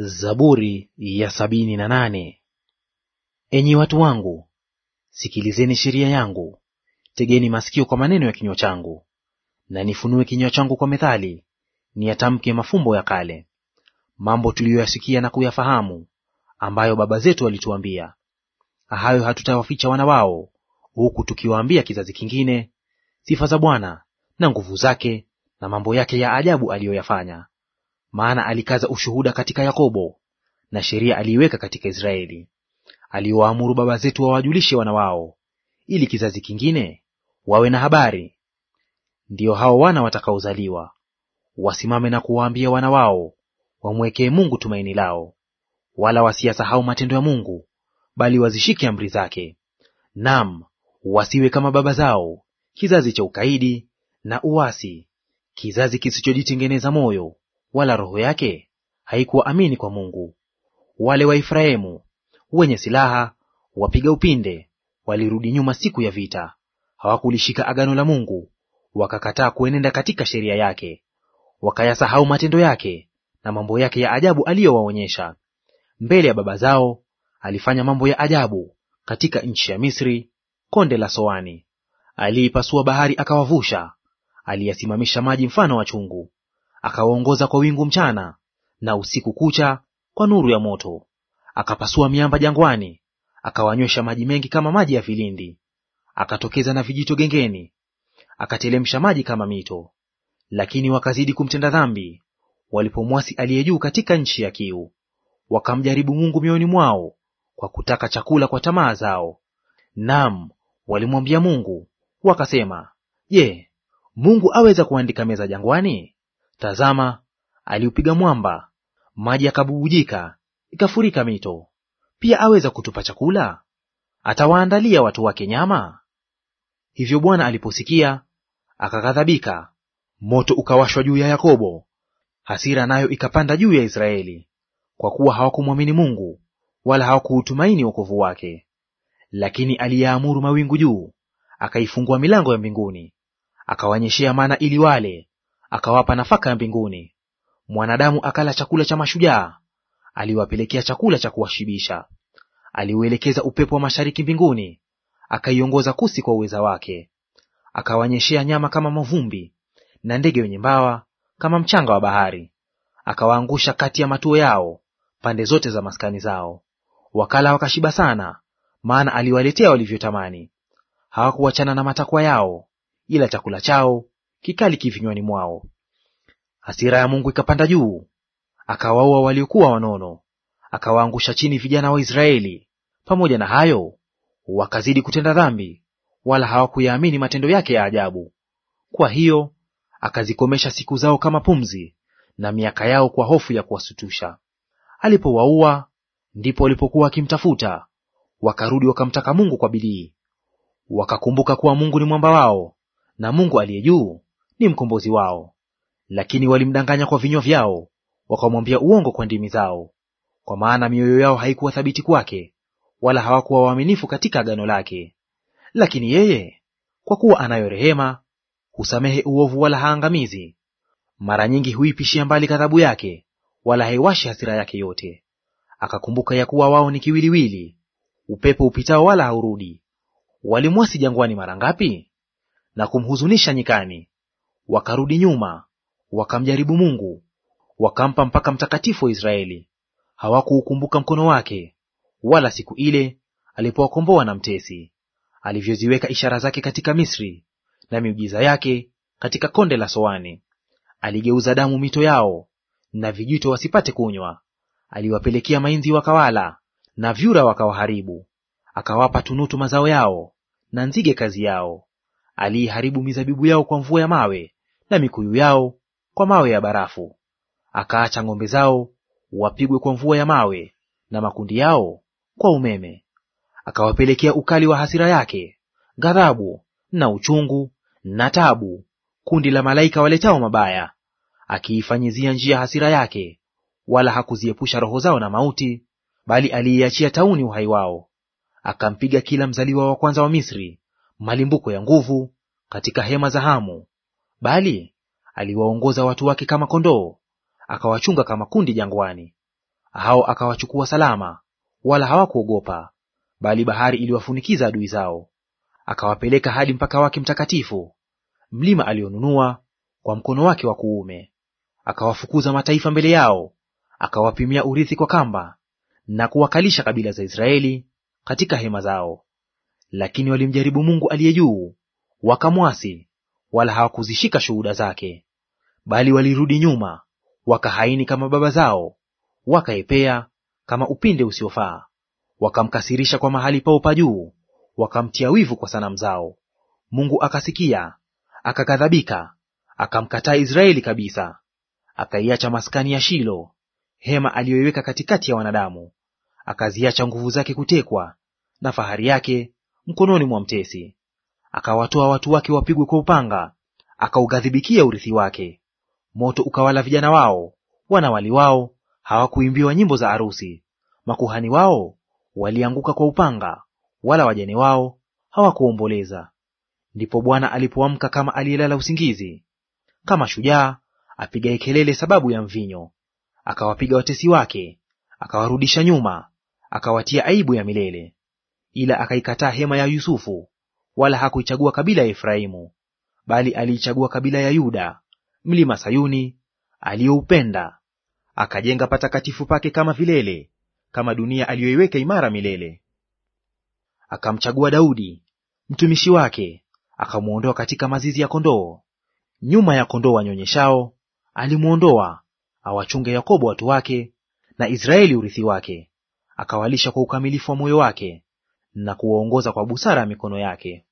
Zaburi ya sabini na nane. Enyi watu wangu, sikilizeni sheria yangu, tegeni masikio kwa maneno ya kinywa changu. Na nifunue kinywa changu kwa methali, niyatamke mafumbo ya kale, mambo tuliyoyasikia na kuyafahamu, ambayo baba zetu walituambia; hayo hatutawaficha wana wao, huku tukiwaambia kizazi kingine sifa za Bwana na nguvu zake, na mambo yake ya ajabu aliyoyafanya maana alikaza ushuhuda katika Yakobo na sheria aliiweka katika Israeli, aliyowaamuru baba zetu wawajulishe wana wao, ili kizazi kingine wawe na habari. Ndiyo hao wana watakaozaliwa wasimame na kuwaambia wana wao, wamwekee Mungu tumaini lao, wala wasiyasahau matendo ya Mungu, bali wazishike amri zake. Naam, wasiwe kama baba zao, kizazi cha ukaidi na uasi, kizazi kisichojitengeneza moyo, wala roho yake haikuwaamini kwa Mungu. Wale Waefraimu wenye silaha, wapiga upinde, walirudi nyuma siku ya vita, hawakulishika agano la Mungu, wakakataa kuenenda katika sheria yake, wakayasahau matendo yake na mambo yake ya ajabu aliyowaonyesha. Mbele ya baba zao alifanya mambo ya ajabu katika nchi ya Misri, konde la Soani. Aliipasua bahari akawavusha, aliyasimamisha maji mfano wa chungu akawaongoza kwa wingu mchana, na usiku kucha kwa nuru ya moto. Akapasua miamba jangwani, akawanywesha maji mengi kama maji ya vilindi. Akatokeza na vijito gengeni, akatelemsha maji kama mito. Lakini wakazidi kumtenda dhambi, walipomwasi aliye juu katika nchi ya kiu. Wakamjaribu Mungu mioyoni mwao kwa kutaka chakula kwa tamaa zao. Naam, walimwambia Mungu wakasema, Je, Mungu aweza kuandika meza jangwani? Tazama, aliupiga mwamba, maji yakabubujika, ikafurika mito. Pia aweza kutupa chakula? Atawaandalia watu wake nyama? Hivyo Bwana aliposikia akaghadhabika, moto ukawashwa juu ya Yakobo, hasira nayo ikapanda juu ya Israeli, kwa kuwa hawakumwamini Mungu wala hawakuutumaini wokovu wake. Lakini aliyeamuru mawingu juu, akaifungua milango ya mbinguni, akawanyeshea mana ili wale, akawapa nafaka ya mbinguni. Mwanadamu akala chakula cha mashujaa, aliwapelekea chakula cha kuwashibisha. Aliuelekeza upepo wa mashariki mbinguni, akaiongoza kusi kwa uweza wake. Akawanyeshea nyama kama mavumbi, na ndege wenye mbawa kama mchanga wa bahari. Akawaangusha kati ya matuo yao, pande zote za maskani zao. Wakala wakashiba sana, maana aliwaletea walivyotamani. Hawakuachana na matakwa yao, ila chakula chao kikali kivinywani mwao. Hasira ya Mungu ikapanda juu, akawaua waliokuwa wanono, akawaangusha chini vijana wa Israeli. Pamoja na hayo, wakazidi kutenda dhambi, wala hawakuyaamini matendo yake ya ajabu. Kwa hiyo akazikomesha siku zao kama pumzi, na miaka yao kwa hofu ya kuwasutusha. Alipowaua ndipo walipokuwa wakimtafuta, wakarudi wakamtaka Mungu kwa bidii. Wakakumbuka kuwa Mungu ni mwamba wao, na Mungu aliye juu ni mkombozi wao. Lakini walimdanganya kwa vinywa vyao, wakamwambia uongo kwa ndimi zao. Kwa maana mioyo yao haikuwa thabiti kwake, wala hawakuwa waaminifu katika agano lake. Lakini yeye kwa kuwa anayo rehema, husamehe uovu wala haangamizi. Mara nyingi huipishia mbali ghadhabu yake, wala haiwashi hasira yake yote. Akakumbuka ya kuwa wao ni kiwiliwili, upepo upitao wala haurudi. Walimwasi jangwani mara ngapi, na kumhuzunisha nyikani. Wakarudi nyuma, wakamjaribu Mungu, wakampa mpaka mtakatifu wa Israeli. Hawakuukumbuka mkono wake, wala siku ile alipowakomboa na mtesi, alivyoziweka ishara zake katika Misri, na miujiza yake katika konde la Soani. Aligeuza damu mito yao, na vijito wasipate kunywa. Aliwapelekea mainzi wakawala, na vyura wakawaharibu. Akawapa tunutu mazao yao, na nzige kazi yao. Aliiharibu mizabibu yao kwa mvua ya mawe, na mikuyu yao kwa mawe ya barafu. Akaacha ng'ombe zao wapigwe kwa mvua ya mawe, na makundi yao kwa umeme. Akawapelekea ukali wa hasira yake, ghadhabu na uchungu na tabu, kundi la malaika waletao mabaya, akiifanyizia njia hasira yake, wala hakuziepusha roho zao na mauti, bali aliiachia tauni uhai wao. Akampiga kila mzaliwa wa kwanza wa Misri malimbuko ya nguvu katika hema za Hamu, bali aliwaongoza watu wake kama kondoo, akawachunga kama kundi jangwani. Hao akawachukua salama, wala hawakuogopa, bali bahari iliwafunikiza adui zao. Akawapeleka hadi mpaka wake mtakatifu, mlima alionunua kwa mkono wake wa kuume. Akawafukuza mataifa mbele yao, akawapimia urithi kwa kamba, na kuwakalisha kabila za Israeli katika hema zao. Lakini walimjaribu Mungu aliye juu, wakamwasi wala hawakuzishika shuhuda zake, bali walirudi nyuma, wakahaini kama baba zao, wakaepea kama upinde usiofaa. Wakamkasirisha kwa mahali pao pa juu, wakamtia wivu kwa sanamu zao. Mungu akasikia, akakadhabika, akamkataa Israeli kabisa. Akaiacha maskani ya Shilo, hema aliyoiweka katikati ya wanadamu, akaziacha nguvu zake kutekwa na fahari yake mkononi mwa mtesi akawatoa watu wake wapigwe kwa upanga, akaughadhibikia urithi wake. Moto ukawala vijana wao, wanawali wao hawakuimbiwa nyimbo za arusi, makuhani wao walianguka kwa upanga, wala wajane wao hawakuomboleza. Ndipo Bwana alipoamka kama aliyelala usingizi, kama shujaa apigaye kelele sababu ya mvinyo. Akawapiga watesi wake, akawarudisha nyuma, akawatia aibu ya milele. Ila akaikataa hema ya Yusufu, wala hakuichagua kabila ya Efraimu, bali aliichagua kabila ya Yuda, mlima Sayuni aliyoupenda, akajenga patakatifu pake kama vilele, kama dunia aliyoiweka imara milele. Akamchagua Daudi mtumishi wake, akamwondoa katika mazizi ya kondoo, nyuma ya kondoo wanyonyeshao alimwondoa, awachunge Yakobo watu wake, na Israeli urithi wake, akawalisha kwa ukamilifu wa moyo wake, na kuwaongoza kwa busara ya mikono yake.